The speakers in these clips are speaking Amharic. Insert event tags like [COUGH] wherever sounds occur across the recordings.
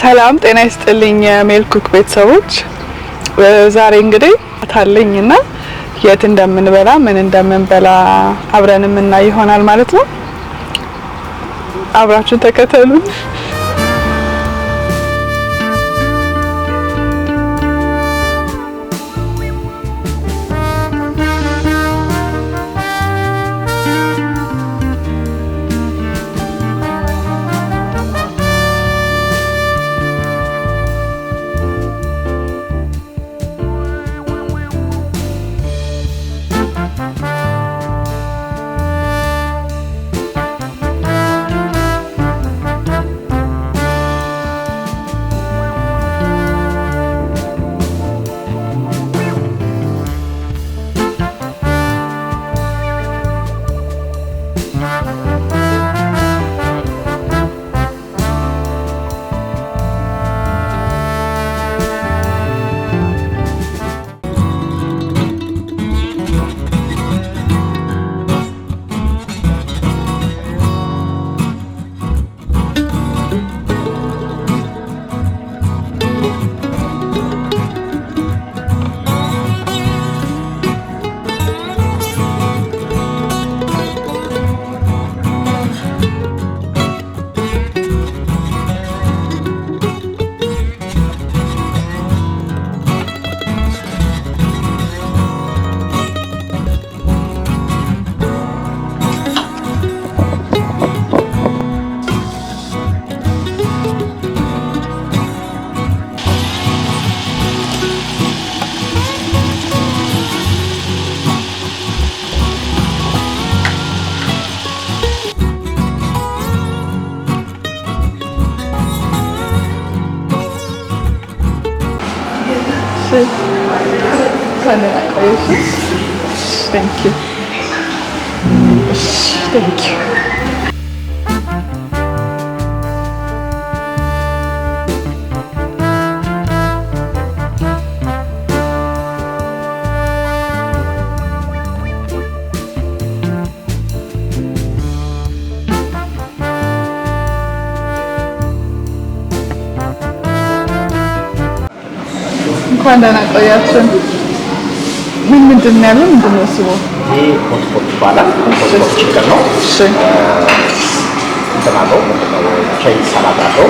ሰላም ጤና ይስጥልኝ የሜልኩክ ቤተሰቦች። ዛሬ እንግዲህ ታለኝ የት እንደምንበላ ምን እንደምንበላ አብረን የምናይ ይሆናል ማለት ነው። አብራችሁን ተከተሉን? Thank you. Thank you. እንኳን ደህና ቆያችሁ። ምን ምንድን ነው ያለው? ምንድን ነው ስቦ? ይሄ ሆትፖት ይባላል። ሆትፖት ችግር ነው። እሺ እንትን አለው ምንድን ነው ቻይን ሰላት አለው።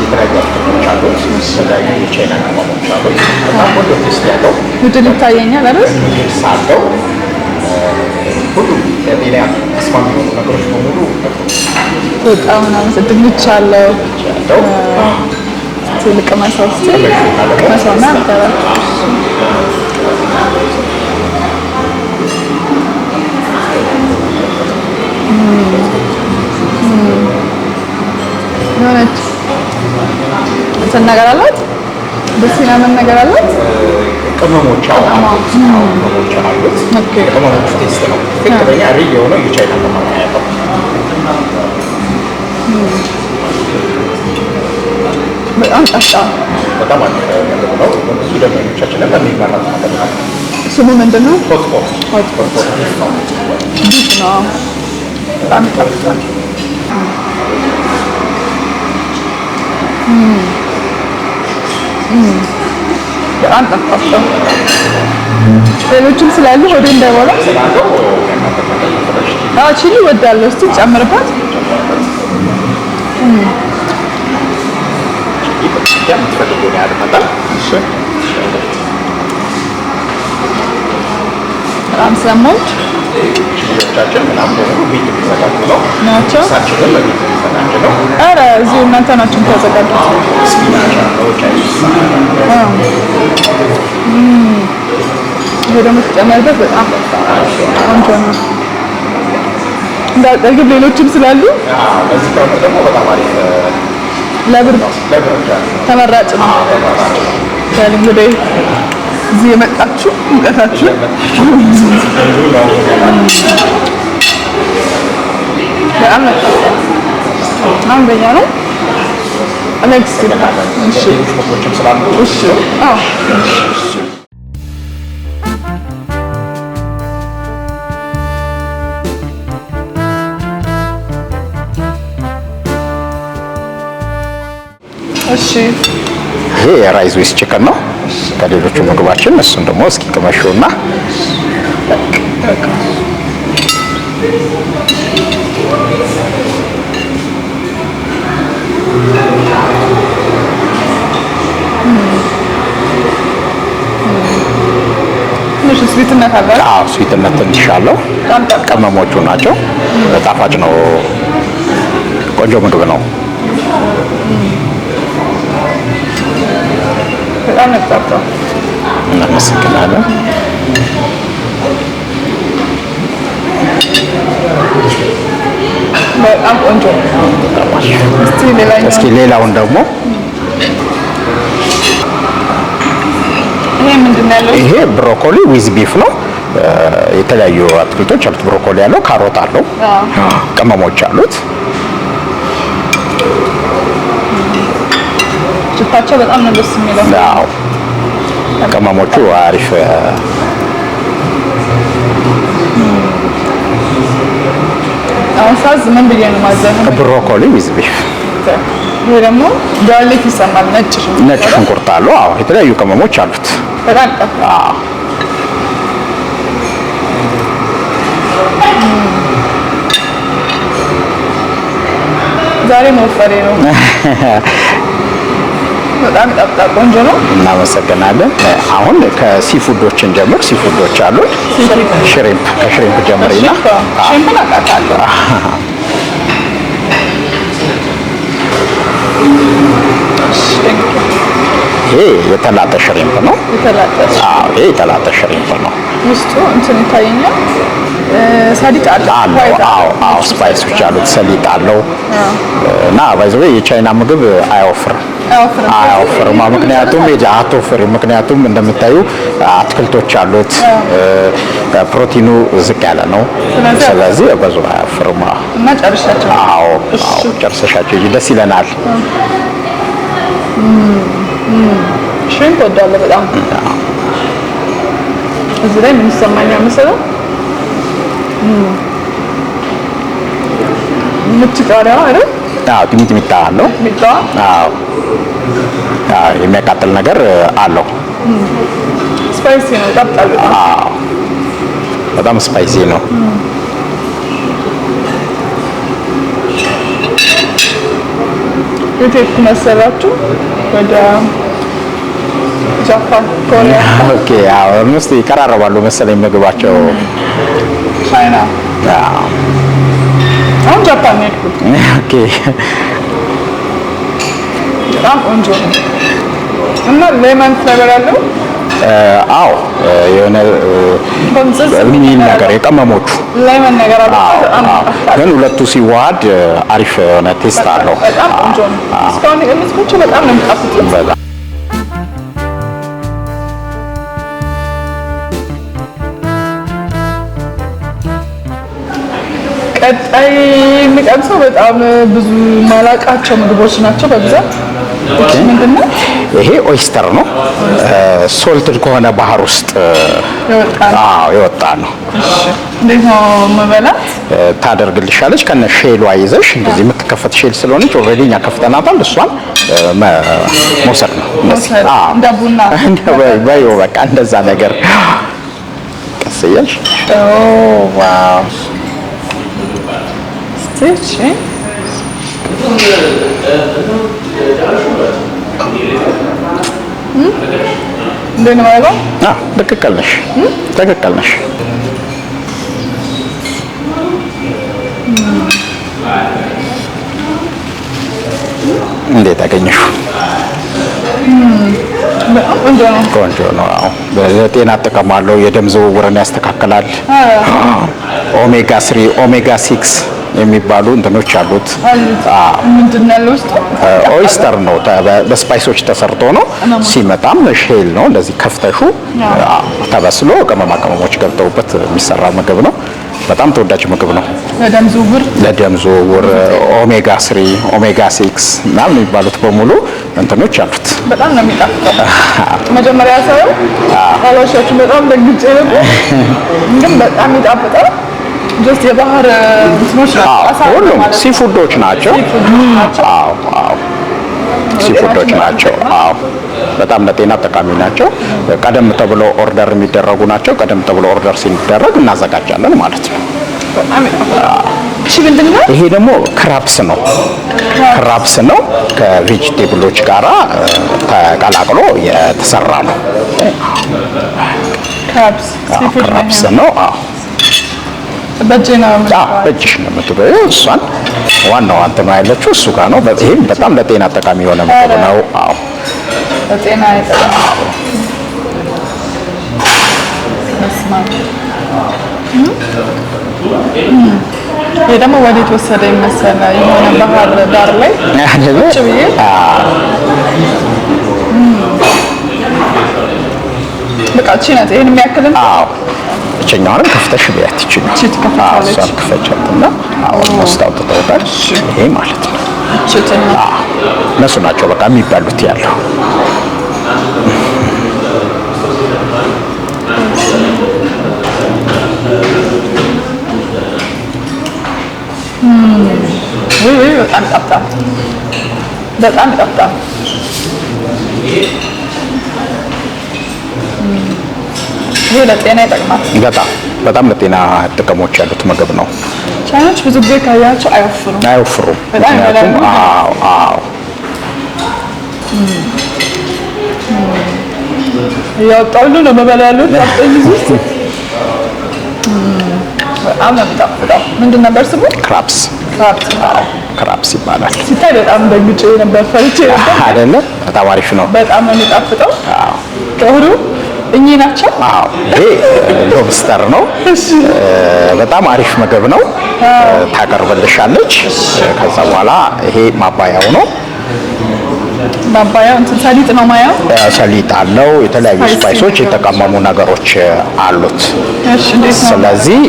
የተለያዩ አትክልቶች አሉት። የተለያዩ የቻይና ቅመሞች አሉት። በጣም ቆንጆ ቴስት ያለው ምድል ይታየኛል አይደል? ሳ አለው ሁሉም ለጤና ተስማሚ የሆኑ ነገሮች በሙሉ በጣም ናመስ ድንች አለው ትልቅ መሳውስ መሳውና አልገባል የሆነች እንትን ነገር አላት። ደስ ይላል ነገር አላት። ቅመሞች አሉት። ቅመሞቹ ቴስት ነው ትክክለኛ ሪ የሆነው የቻይና ቅመም ያለው በጣም ጣጣ በጣም አለ ነው። ብዙ ደንበኞቻችን የሚመረት ነገር ነው። ስሙ ምንድን ነው? ሆትፖት ሆትፖት ነው። በጣም ይጣፍጣል። በጣም ጠፋፋ ሌሎችም ስላሉ ወደ እንዳይሞላ አዎ፣ ቺሊ ወዳለሁ። እስቲ ጨምርባት። በጣም ሰሞን ልጆቻችን ምናምን በሙሉ ቤት የሚዘጋጁ ነው ናቸው። እሳችንም በቤት የሚዘጋጅ ነው። ኧረ እዚሁ እናንተ ናችሁ የምታዘጋጁት። ስፒናሽ አለው፣ ይሄ ደግሞ ተጨመርበት። በጣም ቆንጆ ነው። እንዳጠግብ ሌሎችም ስላሉ በዚህ ከሆነ ደግሞ በጣም አሪፍ ለብርድ ተመራጭ ነው። እንግዲህ እዚህ የመጣችሁ እውቀታችሁ በጣም አሁን በኛ ነው። ይሄ የራይዝ ዌስ ችክን ነው። ከሌሎቹ ምግባችን እሱን ደግሞ እስኪ ቅመሹና ስዊትነት ትንሽ አለው። ቅመሞቹ ናቸው። ጣፋጭ ነው። ቆንጆ ምግብ ነው። በጣም ያስታርተው። እናመሰግናለን። በጣም ቆንጆ። እስኪ ሌላውን ደግሞ ይሄ ብሮኮሊ ዊዝ ቢፍ ነው። የተለያዩ አትክልቶች አሉት። ብሮኮሊ አለው፣ ካሮት አለው፣ ቅመሞች አሉት። ሽታቸው በጣም ነው ደስ የሚለው። አዎ ቅመሞቹ አሪፍ አንሳዝ ምን ብዬ ነው ማዘነው? ብሮኮሊ ዊዝ ቢፍ ይሄ ደግሞ ዳሌት ይሰማል። ነጭ ሽንኩርት ነጭ ሽንኩርት አሉ። አዎ የተለያዩ ቅመሞች አሉት። በጣም አዎ ዛሬ መወፈሬ ነው። [LAUGHS] በጣም ቆንጆ ነው። እናመሰግናለን። አሁን ከሲፉዶችን ጀምር። ሲፉዶች አሉን። ሽሪምፕ ከሽሪምፕ ጀምሪና ሽሪምፕን አቃታለሁ። ይሄ የተላጠ ሽሪምፕ ነው። ይሄ የተላጠ ሽሪምፕ ነው። ውስጡ እንትን ይታየኛል። ሰሊጥ አለ አዎ፣ ስፓይሶች አሉት፣ ሰሊጥ አለው እና ባይዘው የቻይና ምግብ አያወፍርም አያወፍርም። ምክንያቱም የጃ ምክንያቱም እንደምታዩ አትክልቶች አሉት፣ ፕሮቲኑ ዝቅ ያለ ነው። ስለዚህ በዙ አያወፍርም። እና ጨርሻቸው? አዎ ጨርሰሻቸው እንጂ ደስ ይለናል። ሽሪምፕ ወዳለ በጣም እዚህ ላይ ምን ይሰማኛል መሰለህ? ምች ቃሪያ አይደል? አዎ፣ ሚጥ ሚጣ አለው። ሚጣ አዎ፣ አዎ፣ የሚያቃጥል ነገር አለው። ስፓይሲ ነው፣ ጣጣሉ። አዎ፣ በጣም ስፓይሲ ነው። የቴፕ መሰላችሁ ወደ ጃፓን፣ ኮሪያ። ኦኬ አሁን ውስጥ ይቀራረባሉ መሰለኝ ምግባቸው። ቻይና አሁን ጃፓን ነው ኦኬ በጣም ቆንጆ እና ሌመን ፍሌቨር ያለው አዎ የሆነ ሚል ነገር የቀመሞቹ ግን ሁለቱ ሲዋሃድ አሪፍ የሆነ ቴስት አለው። ቀጣይ የሚቀምሰው በጣም ብዙ ማላቃቸው ምግቦች ናቸው በብዛት ይሄ ኦይስተር ነው። ሶልትድ ከሆነ ባህር ውስጥ የወጣ ነው። እንዴት ነው መበላት? ታደርግልሻለች ከነ ሼሏ ይዘሽ እንደዚህ የምትከፈት ሼል ስለሆነች ኦልሬዲ እኛ ከፍተናታል። እሷን መውሰድ ነው። እንደ [LAUGHS] በቃ እንደዛ ነገር [GASPS] ቀስ እያልሽ እሺ ትክክል ነሽ፣ ትክክል ነሽ። እንዴት አገኘሽው? ቆንጆ ነው። ለጤና ጥቅም አለው። የደም ዝውውርን ያስተካክላል። ኦሜጋ ስሪ ኦሜጋ ሲክስ የሚባሉ እንትኖች አሉት። ኦይስተር ነው በስፓይሶች ተሰርቶ ነው። ሲመጣም ሼል ነው እንደዚህ ከፍተሹ ተበስሎ ቅመማ ቅመሞች ገብተውበት የሚሰራ ምግብ ነው። በጣም ተወዳጅ ምግብ ነው። ለደም ዝውውር ኦሜጋ ስሪ ኦሜጋ ሲክስ ምናምን የሚባሉት በሙሉ እንትኖች አሉት። በጣም ነው የሚጣፍጠው። መጀመሪያ ሰው ያለሻችሁ በጣም ደግጭ ግን በጣም ይጣፍጣል። የባህር ሁሉም ሲፉዶች ናቸው። ሲፉዶች ናቸው። አዎ በጣም ለጤና ጠቃሚ ናቸው። ቀደም ተብሎ ኦርደር የሚደረጉ ናቸው። ቀደም ተብሎ ኦርደር ሲደረግ እናዘጋጃለን ማለት ነው። ይሄ ደግሞ ክራፕስ ነው። ክራፕስ ነው ከቬጅቴብሎች ጋራ ተቀላቅሎ የተሰራ ነው። ክራፕስ ነው። አዎ በእጅሽ ነው የምትበይው። እሷን ዋናው አንተማ ያለችው እሱ ጋር ነው። ይህም በጣም ለጤና ጠቃሚ የሆነ ምግብ ነው። አዎ ይሄ ደግሞ ወዴት ወሰደ ይመሰለ የሆነ ባህር ዳር ላይ ቁጭ ብዬ በቃ ቺነት የሚያክልን እችኛዋንም ከፍተሽ ብያት ይችኛል እሷን ክፈቻትና አሁን ሞስት አውጥተውታል። ይሄ ማለት ነው እነሱ ናቸው በቃ የሚባሉት ያለው በጣም ይጣፍጣል። በጣም ይጣፍጣል። ይሄ ለጤና ይጠቅማል። በጣም በጣም ለጤና ጥቅሞች ያሉት ምግብ ነው። ቻይኖች ብዙ ጊዜ ካያቸው አይወፍሩም አይወፍሩም። ምክንያቱም አዎ አዎ እያወጣሉ ነው መበላ ያሉት አጥልዝ ውስጥ በጣም ነው የሚጣፍጠው። ምንድን ነበር ስሙ? ክራፕስ ክራፕስ ይባላል። ሲታይ በጣም ደግጬ ነበር፣ ፈርቼ ነበር አይደለ? በጣም አሪፍ ነው። በጣም ነው የሚጣፍጠው። ጥሩ እኚህ ናቸው። አዎ ይሄ ሎብስተር ነው። በጣም አሪፍ ምግብ ነው። ታቀርበልሻለች። ከዛ በኋላ ይሄ ማባያው ነው። ማባያው እንትን ሰሊጥ ነው። ማያው ሰሊጥ አለው። የተለያዩ ስፓይሶች የተቀመሙ ነገሮች አሉት። ስለዚህ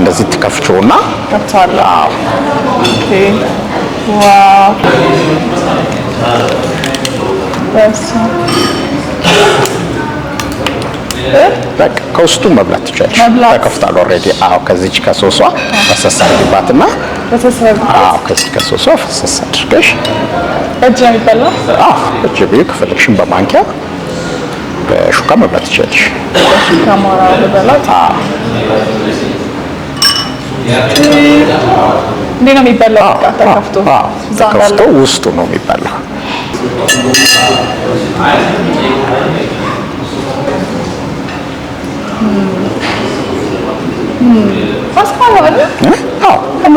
እንደዚህ ትከፍችውና ከፍተዋለሁ። አዎ ኦኬ። ዋው ከውስጡ መብላት ትችላለች። ተከፍታል ኦልሬዲ። አዎ ከዚች ከሶሷ ፈሰስ አድርጊባትና አዎ ከዚች ከሶሷ ፈሰስ አድርገሽ እጅ ነው የሚበላው። አዎ እጅ ብዬ ከፈለግሽም በማንኪያ በሹካ መብላት ትችላለሽ። እንዴት ነው የሚበላው? ተከፍቶ ውስጡ ነው የሚበላው።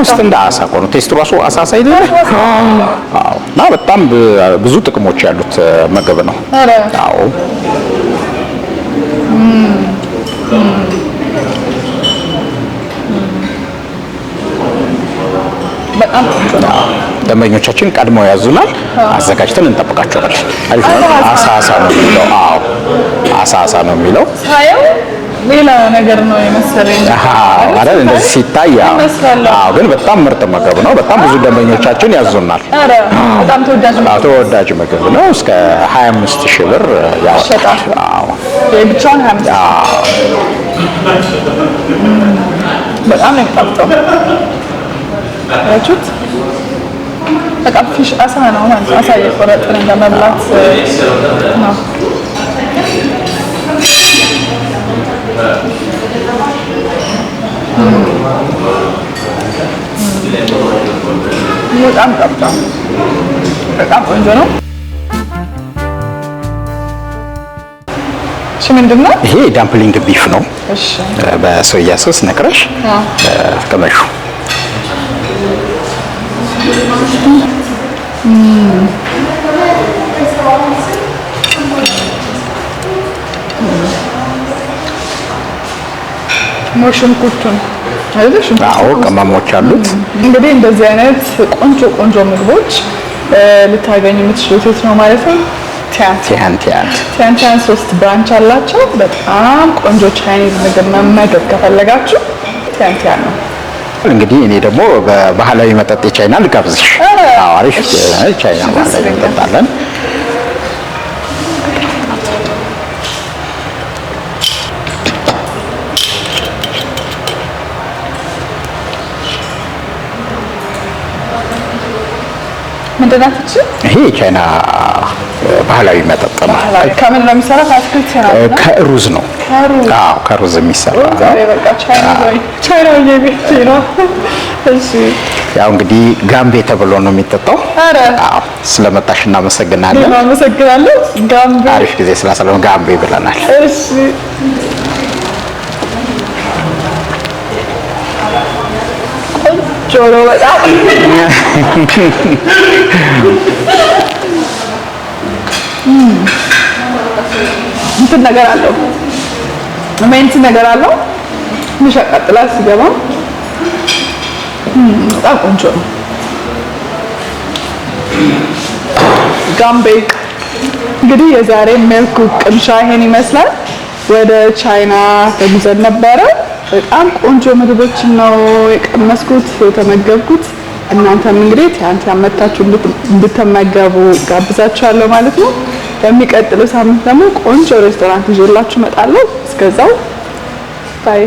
ውስጥ እንደ አሳ እኮ ነው። ቴስቱ ራሱ አሳ ሳይደለ እና በጣም ብዙ ጥቅሞች ያሉት ምግብ ነው። አዎ ደንበኞቻችን ቀድመው ያዙናል፣ አዘጋጅተን እንጠብቃቸዋለን። አሳ አሳ ነው የሚለው አዎ፣ አሳ አሳ ነው የሚለው ሌላ ነገር ነው የመሰለኝ። አረ ሲታይ ግን በጣም ምርጥ ምግብ ነው። በጣም ብዙ ደንበኞቻችን ያዙናል። በጣም ተወዳጅ ምግብ ነው። እስከ 25 ሺህ ብር ያወጣል። በቃ ፊሽ አሳ ነው። አሳ የቆረጥን ለመብላት ነው በጣም ጣፍጣም በጣም ቆንጆ ነው። ምንድን ነው ይሄ? ዳምፕሊንግ ቢፍ ነው በሶያ ሶስ ነክረሽ ቅመሹ ደግሞ ሽንኩርቱን ቅመሞች አሉት። እንግዲህ እንደዚህ አይነት ቆንጆ ቆንጆ ምግቦች ልታገኙ የምትችሉት ነው ማለት ነው። ቲያን ቲያን ሶስት ብራንች አላቸው። በጣም ቆንጆ ቻይኒዝ ምግብ መመገብ ከፈለጋችሁ ቲያን ቲያን ነው። እንግዲህ እኔ ደግሞ በባህላዊ መጠጥ የቻይና ልጋብዝሽ። አዋሪሽ ቻይና ማለት እንጠጣለን። ምንድናት? እቺ ይሄ ቻይና ባህላዊ መጠጥ ነው። ከምን ነው የሚሰራ? ከአትክልት ነው። ከሩዝ ነው። አዎ ከሩዝ የሚሰራ ያው እንግዲህ ጋምቤ ተብሎ ነው የሚጠጣው። አዎ ስለመጣሽ እናመሰግናለን። አመሰግናለሁ። ጋምቤ አሪፍ ጊዜ ስላሳለፍን ጋምቤ ብለናል። እሺ ናቸው ነው በጣም እንትን ነገር አለው ሜንት ነገር አለው። ትንሽ ያቃጥላል ሲገባ። በጣም ቆንጆ ነው። ጋምቤ እንግዲህ የዛሬ መልኩ ቅምሻ ይሄን ይመስላል። ወደ ቻይና ተጉዘን ነበረ። በጣም ቆንጆ ምግቦችን ነው የቀመስኩት የተመገብኩት። እናንተም እንግዲህ ትናንት ያመታችሁ እንድትመገቡ ጋብዛችኋለሁ ማለት ነው። በሚቀጥለው ሳምንት ደግሞ ቆንጆ ሬስቶራንት ይዤላችሁ እመጣለሁ። እስከዛው ባይ